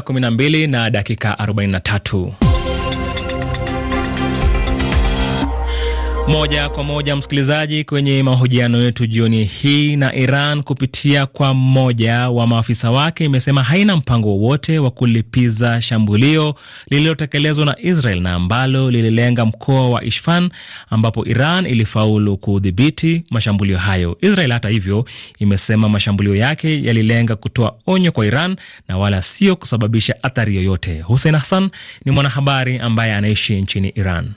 saa 12 na dakika 43. Moja kwa moja, msikilizaji, kwenye mahojiano yetu jioni hii. Na Iran kupitia kwa mmoja wa maafisa wake imesema haina mpango wowote wa kulipiza shambulio lililotekelezwa na Israel na ambalo lililenga mkoa wa Isfahan ambapo Iran ilifaulu kudhibiti mashambulio hayo. Israel hata hivyo imesema mashambulio yake yalilenga kutoa onyo kwa Iran na wala sio kusababisha athari yoyote. Hussein Hassan ni mwanahabari ambaye anaishi nchini Iran.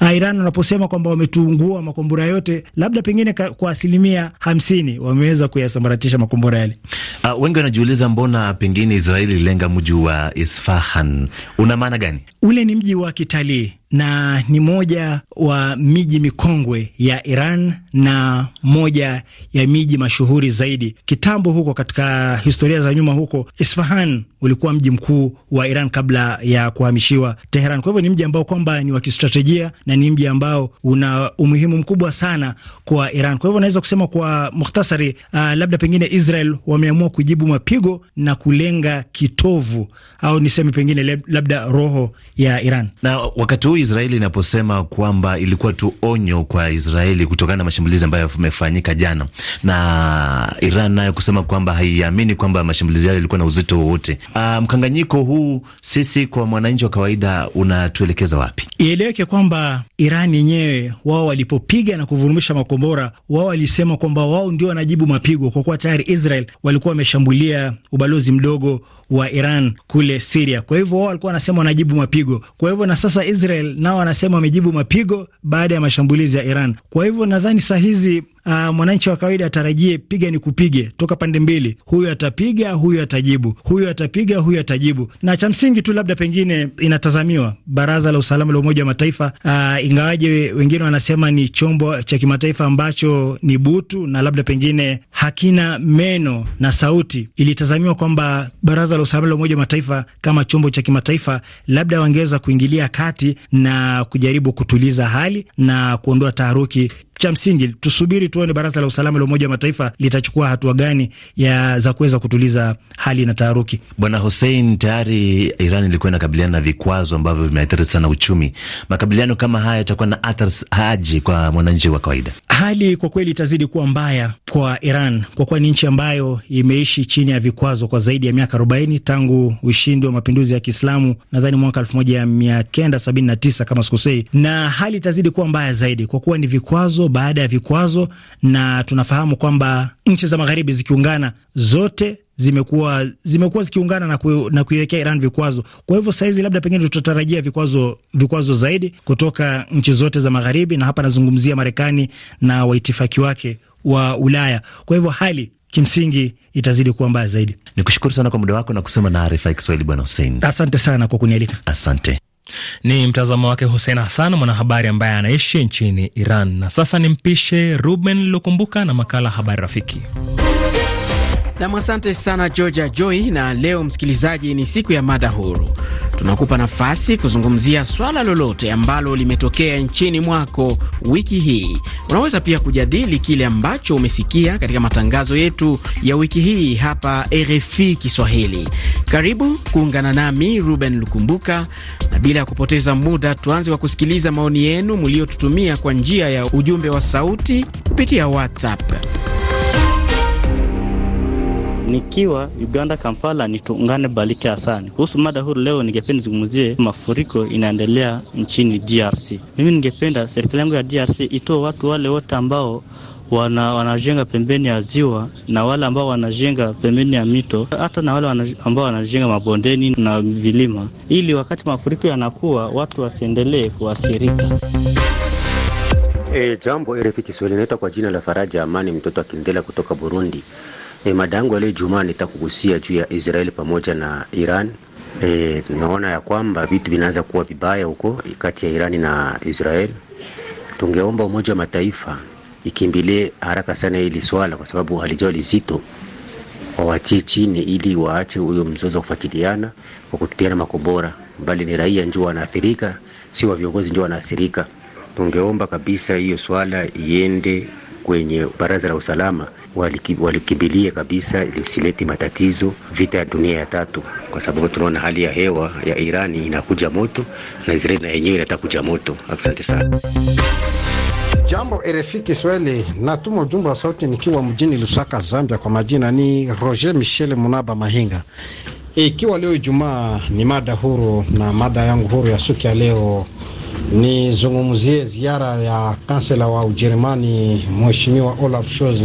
Ah, Iran wanaposema kwamba wametungua makombora yote, labda pengine kwa asilimia hamsini wameweza kuyasambaratisha makombora yale. Uh, wengi wanajiuliza mbona pengine Israeli ililenga mji wa Isfahan. Una maana gani? Ule ni mji wa kitalii na ni moja wa miji mikongwe ya Iran na moja ya miji mashuhuri zaidi. Kitambo huko katika historia za nyuma huko, Isfahan ulikuwa mji mkuu wa Iran kabla ya kuhamishiwa Teheran. Kwa hivyo ni mji ambao kwamba ni wa kistratejia na ni mji ambao una umuhimu mkubwa sana kwa Iran. Kwa hivyo naweza kusema kwa mukhtasari, uh, labda pengine Israel wameamua kujibu mapigo na kulenga kitovu au niseme pengine labda roho ya Iran na wakati huu Israeli inaposema kwamba ilikuwa tu onyo kwa Israeli kutokana na mashambulizi ambayo yamefanyika jana, na Iran nayo kusema kwamba haiamini kwamba mashambulizi hayo yalikuwa na uzito wowote. Ah, mkanganyiko huu sisi kwa mwananchi wa kawaida unatuelekeza wapi? Ieleweke kwamba Iran yenyewe wao walipopiga na kuvurumisha makombora, wao walisema kwamba wao ndio wanajibu mapigo, kwa kuwa tayari Israel walikuwa wameshambulia ubalozi mdogo wa Iran kule Siria. Kwa hivyo wao walikuwa wanasema wanajibu mapigo, kwa hivyo na sasa Israel nao wanasema wamejibu mapigo baada ya mashambulizi ya Iran. Kwa hivyo nadhani saa hizi uh, mwananchi wa kawaida atarajie piga ni kupige toka pande mbili, huyu atapiga, huyu atajibu, huyu atapiga, huyu atajibu. Na cha msingi tu labda pengine inatazamiwa Baraza la Usalama la Umoja wa Mataifa, uh, ingawaje wengine wanasema ni chombo cha kimataifa ambacho ni butu na labda pengine hakina meno na sauti. Ilitazamiwa kwamba Baraza la Usalama la Umoja wa Mataifa kama chombo cha kimataifa labda wangeweza kuingilia kati na kujaribu kutuliza hali na kuondoa taharuki cha msingi tusubiri tuone baraza la usalama la Umoja wa Mataifa litachukua hatua gani ya za kuweza kutuliza hali na taharuki. Bwana Hussein, tayari Iran ilikuwa inakabiliana na vikwazo ambavyo vimeathiri sana uchumi. Makabiliano kama haya yatakuwa na athari haji kwa mwananchi wa kawaida? Hali kwa kweli itazidi kuwa mbaya kwa Iran kwa kuwa ni nchi ambayo imeishi chini ya vikwazo kwa zaidi ya miaka 40 tangu ushindi wa mapinduzi ya Kiislamu nadhani mwaka 1979 kama sikosei, na hali itazidi kuwa mbaya zaidi kwa kuwa ni vikwazo hilo baada ya vikwazo, na tunafahamu kwamba nchi za magharibi zikiungana zote zimekuwa zimekuwa zikiungana na, ku, na kuiwekea Iran vikwazo. Kwa hivyo sahizi labda pengine tutatarajia vikwazo vikwazo zaidi kutoka nchi zote za magharibi, na hapa nazungumzia Marekani na waitifaki wake wa Ulaya. Kwa hivyo hali kimsingi itazidi kuwa mbaya zaidi. Nikushukuru sana kwa muda wako na kusema na arifa Kiswahili, Bwana Hussein. Asante sana kwa kunialika. Asante. Ni mtazamo wake Hussein Hassan, mwanahabari ambaye anaishi nchini Iran. Na sasa nimpishe Ruben Lukumbuka na makala Habari Rafiki. Nam, asante sana Georgia Joy. Na leo msikilizaji, ni siku ya mada huru. Tunakupa nafasi kuzungumzia swala lolote ambalo limetokea nchini mwako wiki hii. Unaweza pia kujadili kile ambacho umesikia katika matangazo yetu ya wiki hii hapa RFI Kiswahili. Karibu kuungana nami Ruben Lukumbuka, na bila ya kupoteza muda, tuanze kwa kusikiliza maoni yenu mliotutumia kwa njia ya ujumbe wa sauti kupitia WhatsApp nikiwa Uganda Kampala, ni tuungane balike asani. Kuhusu mada huru leo, ningependa zungumzie mafuriko inaendelea nchini DRC. Mimi ningependa serikali yangu ya DRC itoe watu wale wote ambao wana, wanajenga pembeni ya ziwa na wale ambao wanajenga pembeni ya mito, hata na wale ambao wanajenga mabondeni na vilima, ili wakati mafuriko yanakuwa watu wasiendelee kuathirika. E, jambo RFI Kiswahili, kwa jina la Faraja Amani mtoto akindela kutoka Burundi. E, madango leo Jumaa nitakugusia juu ya Israeli pamoja na Iran. E, eh, tunaona ya kwamba vitu vinaanza kuwa vibaya huko eh, kati ya iran na Israeli. Tungeomba Umoja wa Mataifa ikimbilie haraka sana hili swala, kwa sababu halijao lizito, wawatie chini ili waache huyo mzozo wa kufatiliana kwa kutupiana makombora, bali ni raia ndio wanaathirika, si wa viongozi ndio wanaathirika. Tungeomba kabisa hiyo swala iende kwenye baraza la usalama walikimbilia kabisa lisileti matatizo vita ya dunia ya tatu, kwa sababu tunaona hali ya hewa ya Irani inakuja moto na Israeli na yenyewe inatakuja moto. Asante sana. Jambo RFI Kiswahili, natuma ujumbe wa sauti nikiwa mjini Lusaka, Zambia. Kwa majina ni Roger Michel Munaba Mahinga. Ikiwa leo Ijumaa ni mada huru na mada yangu huru ya suki ya leo nizungumzie ziara ya kansela wa Ujerumani Mheshimiwa Olaf Scholz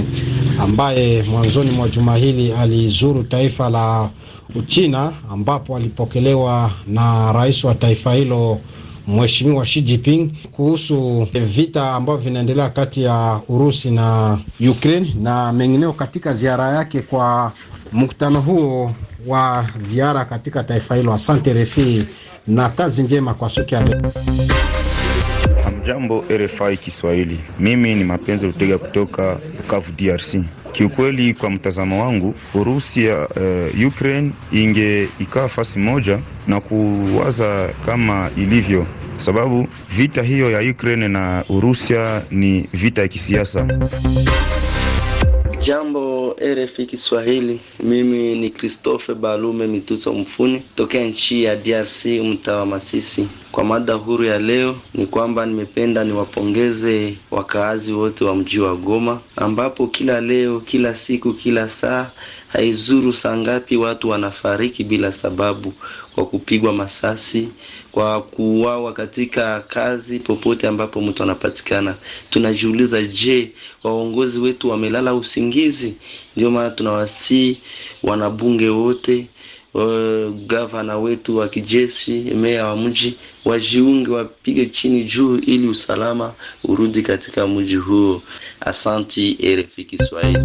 ambaye mwanzoni mwa juma hili alizuru taifa la Uchina ambapo alipokelewa na rais wa taifa hilo Mheshimiwa Xi Jinping kuhusu vita ambavyo vinaendelea kati ya Urusi na Ukraine na mengineo. Katika ziara yake kwa mkutano huo wa ziara katika taifa hilo, asante Refi na kazi njema kwa siku ya leo. Jambo RFI Kiswahili, mimi ni Mapenzi Lutega kutoka Bukavu, DRC. Kiukweli, kwa mtazamo wangu, Urusi ya uh, Ukraine ingeikaa fasi moja na kuwaza kama ilivyo sababu vita hiyo ya Ukraine na Urusia ni vita ya kisiasa. Jambo RFI Kiswahili, mimi ni Christophe Balume Mituso Mfuni tokea nchi ya DRC, mtaa wa Masisi. Kwa mada huru ya leo ni kwamba nimependa niwapongeze wakaazi wote wa mji wa Goma, ambapo kila leo, kila siku, kila saa, haizuru saa ngapi watu wanafariki bila sababu, kwa kupigwa masasi, kwa kuuawa katika kazi, popote ambapo mtu anapatikana. Tunajiuliza, je, waongozi wetu wamelala usingizi? Ndio maana tunawasii wanabunge wote Uh, gavana wetu wa kijeshi, meya wa mji wajiunge, wapige chini juu, ili usalama urudi katika mji huo. Asanti RFI Kiswahili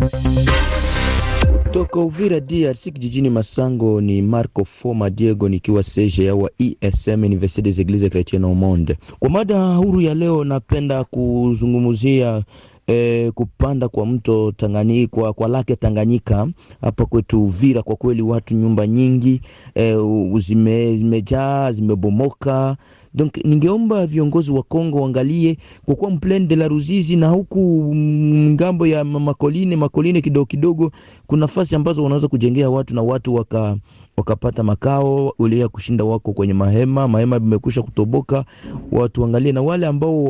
toka Uvira DRC kijijini Masango ni Marco Foma Diego nikiwa seje wa ESM Université des Eglises Chrétiennes au Monde. Kwa mada huru ya leo, napenda kuzungumzia e, kupanda kwa mto Tangani, kwa, kwa lake Tanganyika hapa kwetu Uvira, kwa kweli watu nyumba nyingi e, zimejaa zimebomoka. Donc ningeomba viongozi wa Kongo waangalie kwa kuwa plan de la Ruzizi na huku ngambo ya makoline makoline kidogo kidogo, kuna nafasi ambazo wanaweza kujengea watu na watu waka wakapata makao ule ya kushinda wako kwenye mahema mahema imekusha kutoboka. Watu angalie na wale ambao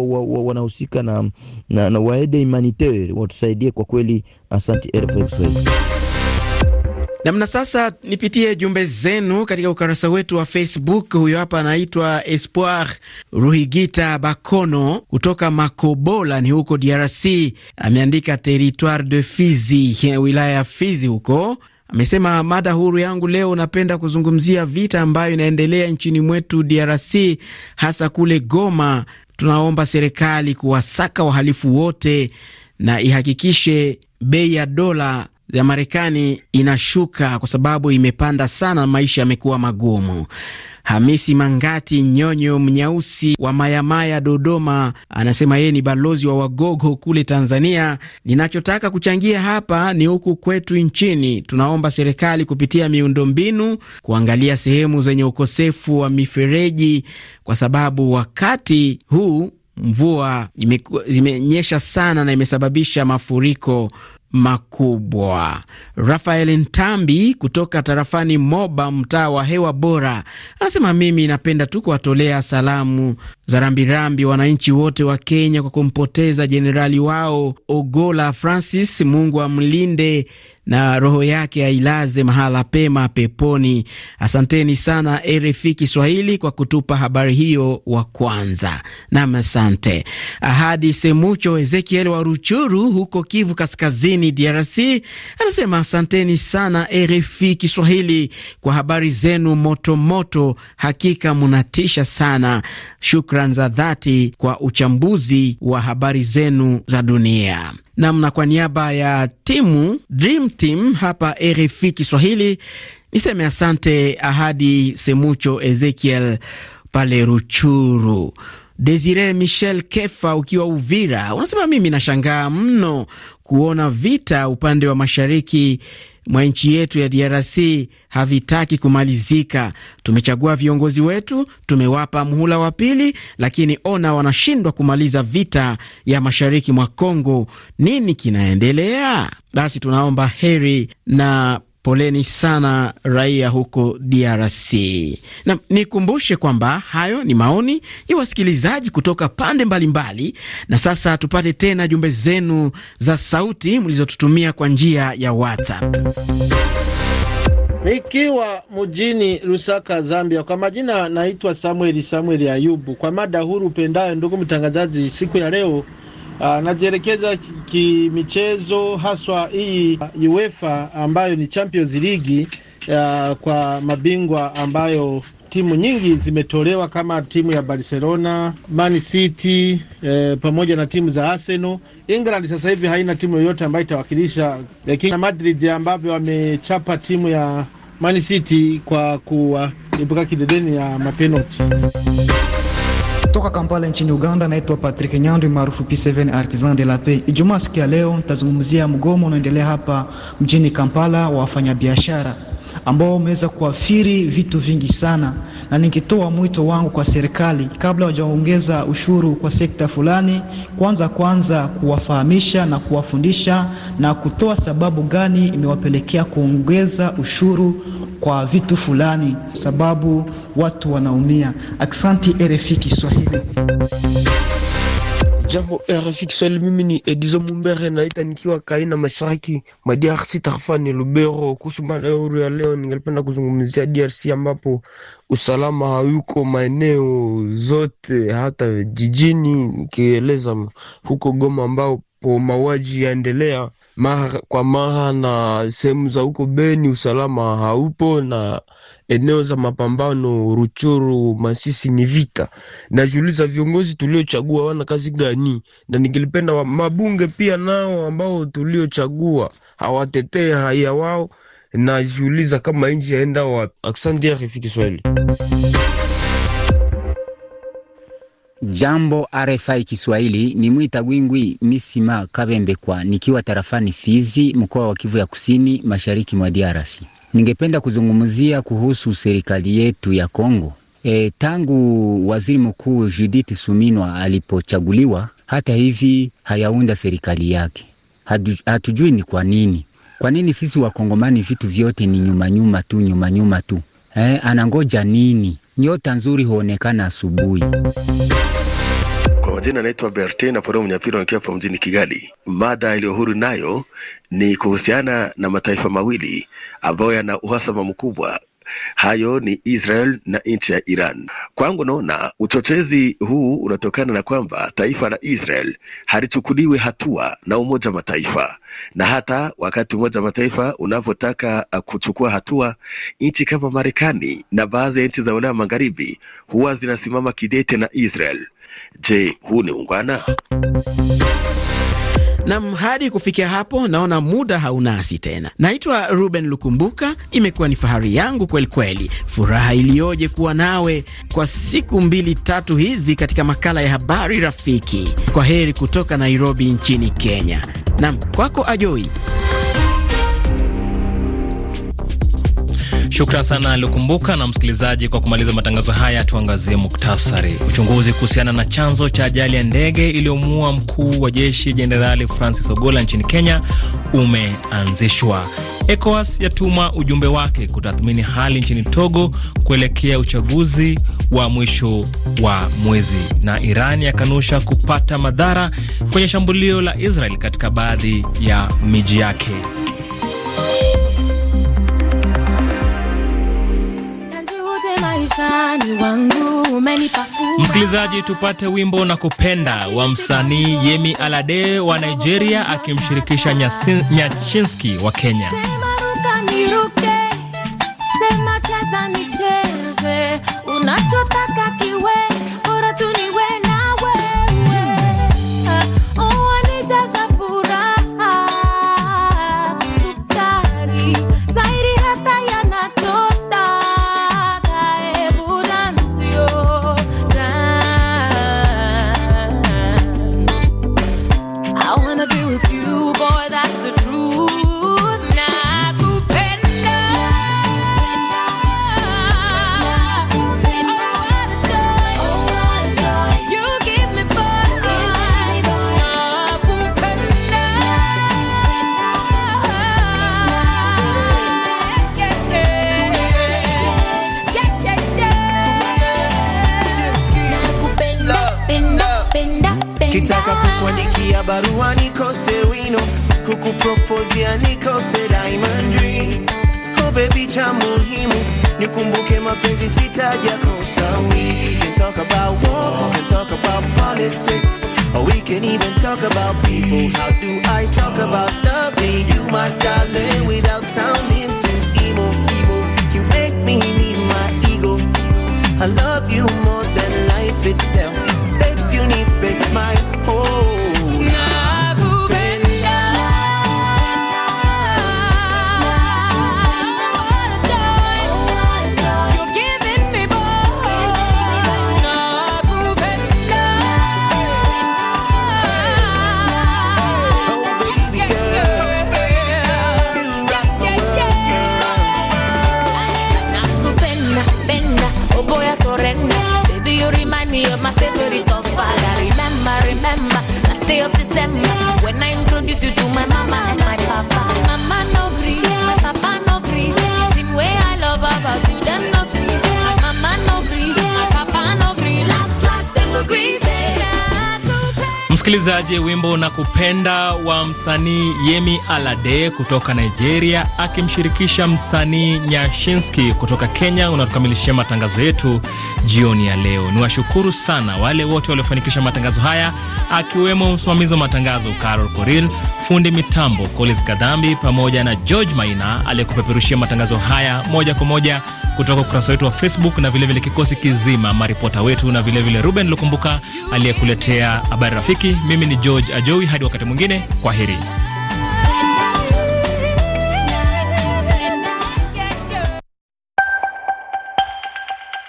wanahusika na, na, na waede humanitaire watusaidie kwa kweli. Asante RFI Kiswahili. Namna sasa, nipitie jumbe zenu katika ukurasa wetu wa Facebook. Huyo hapa anaitwa Espoir Ruhigita Bakono kutoka Makobola, ni huko DRC. Ameandika Territoire de Fizi, wilaya ya Fizi huko Amesema mada huru yangu leo, napenda kuzungumzia vita ambayo inaendelea nchini mwetu DRC, hasa kule Goma. Tunaomba serikali kuwasaka wahalifu wote na ihakikishe bei ya dola ya Marekani inashuka kwa sababu imepanda sana, maisha yamekuwa magumu. Hamisi Mangati Nyonyo Mnyausi wa Mayamaya, Dodoma, anasema yeye ni balozi wa Wagogo kule Tanzania. Ninachotaka kuchangia hapa ni huku kwetu nchini, tunaomba serikali kupitia miundombinu kuangalia sehemu zenye ukosefu wa mifereji, kwa sababu wakati huu mvua imenyesha sana na imesababisha mafuriko makubwa. Rafael Ntambi kutoka tarafani Moba, mtaa wa hewa bora, anasema mimi napenda tu kuwatolea salamu za rambirambi wananchi wote wa Kenya kwa kumpoteza jenerali wao Ogola Francis. Mungu amlinde na roho yake ailaze mahala pema peponi. Asanteni sana RFI Kiswahili kwa kutupa habari hiyo wa kwanza. Nam, asante Ahadi Semucho Ezekiel wa Ruchuru huko Kivu Kaskazini, DRC, anasema asanteni sana RFI Kiswahili kwa habari zenu motomoto moto, hakika munatisha sana. Shukran za dhati kwa uchambuzi wa habari zenu za dunia namna. Kwa niaba ya timu Dream Team hapa RFI Kiswahili niseme asante Ahadi Semucho, Ezekiel pale Ruchuru, Desire Michel Kefa ukiwa Uvira, unasema mimi nashangaa mno kuona vita upande wa mashariki mwa nchi yetu ya DRC havitaki kumalizika. Tumechagua viongozi wetu, tumewapa mhula wa pili, lakini ona wanashindwa kumaliza vita ya mashariki mwa Kongo. Nini kinaendelea? Basi tunaomba heri na Poleni sana raia huko DRC. Na nikumbushe kwamba hayo ni maoni ya wasikilizaji kutoka pande mbalimbali mbali. Na sasa tupate tena jumbe zenu za sauti mlizotutumia kwa njia ya WhatsApp. Nikiwa mjini Lusaka, Zambia. Kwa majina naitwa Samueli Samueli Ayubu. Kwa mada huru pendayo, ndugu mtangazaji, siku ya leo Ah, najielekeza kimichezo haswa hii UEFA ambayo ni Champions League kwa mabingwa ambayo timu nyingi zimetolewa kama timu ya Barcelona, Man City e, pamoja na timu za Arsenal. England sasa hivi haina timu yoyote ambayo itawakilisha, lakini na Madrid ambavyo wamechapa timu ya Man City kwa kuwaibuka kidedeni ya mapenalti. Kutoka Kampala nchini Uganda, naitwa Patrick Nyandwi maarufu P7 Artisan de la Paix. Ijumaa siku ya leo nitazungumzia mgomo unaoendelea hapa mjini Kampala wa wafanyabiashara ambao umeweza kuathiri vitu vingi sana, na nikitoa mwito wangu kwa serikali, kabla hawajaongeza ushuru kwa sekta fulani, kwanza kwanza kuwafahamisha na kuwafundisha na kutoa sababu gani imewapelekea kuongeza ushuru kwa vitu fulani, sababu watu wanaumia. Aksanti RFI Kiswahili. Jambo RFI Kiswahili, mimi ni Edizo Mumbere, naita nikiwa Kaina Mashariki mwa DRC, ni Lubero. Kuhusu mada huru ya leo, ningelipenda kuzungumzia DRC ambapo usalama hayuko maeneo zote, hata jijini, nikieleza huko Goma ambapo mauaji yaendelea mara kwa mara, na sehemu za huko Beni usalama haupo, na eneo za mapambano Ruchuru, Masisi ni vita. Najiuliza viongozi tuliochagua wana kazi gani? Na ningelipenda mabunge pia nao ambao tuliochagua hawatetee haya wao, najiuliza kama nchi yaenda wapi. Aksandia, RFI Kiswahili. Jambo RFI Kiswahili, ni Mwita Gwingwi Misima Kabembekwa, nikiwa tarafani Fizi, mkoa wa Kivu ya Kusini, mashariki mwa DRC. Ningependa kuzungumzia kuhusu serikali yetu ya Kongo. E, tangu waziri mkuu Judith Suminwa alipochaguliwa, hata hivi hayaunda serikali yake. hatujui ni kwa nini. Kwa nini sisi wakongomani vitu vyote ni nyumanyuma nyuma tu nyumanyuma nyuma tu? E, anangoja nini? Nyota nzuri huonekana asubuhi. Kwa majina anaitwa Bertin na Podo Mnyapiro, nikiwa hapa mjini Kigali. Mada iliyo huru nayo ni kuhusiana na mataifa mawili ambayo yana uhasama mkubwa hayo ni Israel na nchi ya Iran. Kwangu naona uchochezi huu unatokana na kwamba taifa la Israel halichukuliwi hatua na Umoja wa Mataifa, na hata wakati Umoja wa Mataifa unavyotaka uh, kuchukua hatua, nchi kama Marekani na baadhi ya nchi za Ulaya Magharibi huwa zinasimama kidete na Israel. Je, huu ni ungwana? Nam, hadi kufikia hapo naona muda haunasi tena. Naitwa Ruben Lukumbuka, imekuwa ni fahari yangu kwelikweli, furaha iliyoje kuwa nawe kwa siku mbili tatu hizi katika makala ya habari rafiki. Kwa heri kutoka Nairobi nchini Kenya. Nam, kwako Ajoi. Shukran sana Lukumbuka na msikilizaji. Kwa kumaliza matangazo haya, tuangazie muktasari. Uchunguzi kuhusiana na chanzo cha ajali ya ndege iliyomuua mkuu wa jeshi Jenerali Francis Ogola nchini Kenya umeanzishwa. ECOWAS yatuma ujumbe wake kutathmini hali nchini Togo kuelekea uchaguzi wa mwisho wa mwezi, na Iran yakanusha kupata madhara kwenye shambulio la Israel katika baadhi ya miji yake. Msikilizaji, tupate wimbo na kupenda wa msanii Yemi Alade wa Nigeria akimshirikisha Nyachinski wa Kenya. Oh, we can talk about war, we can talk about politics, or we can even talk about people. How do I talk about love? you my darling. up this that Msikilizaji, wimbo na kupenda wa msanii Yemi Alade kutoka Nigeria akimshirikisha msanii Nyashinski kutoka Kenya unatukamilishia matangazo yetu jioni ya leo. Ni washukuru sana wale wote waliofanikisha matangazo haya akiwemo msimamizi wa matangazo Carol Koril, fundi mitambo Colis Kadhambi pamoja na George Maina aliyekupeperushia matangazo haya moja kwa moja kutoka ukurasa wetu wa Facebook na vilevile vile kikosi kizima maripota wetu na vilevile vile Ruben Lukumbuka aliyekuletea habari rafiki mimi ni George Ajowi, hadi wakati mwingine, kwa heri.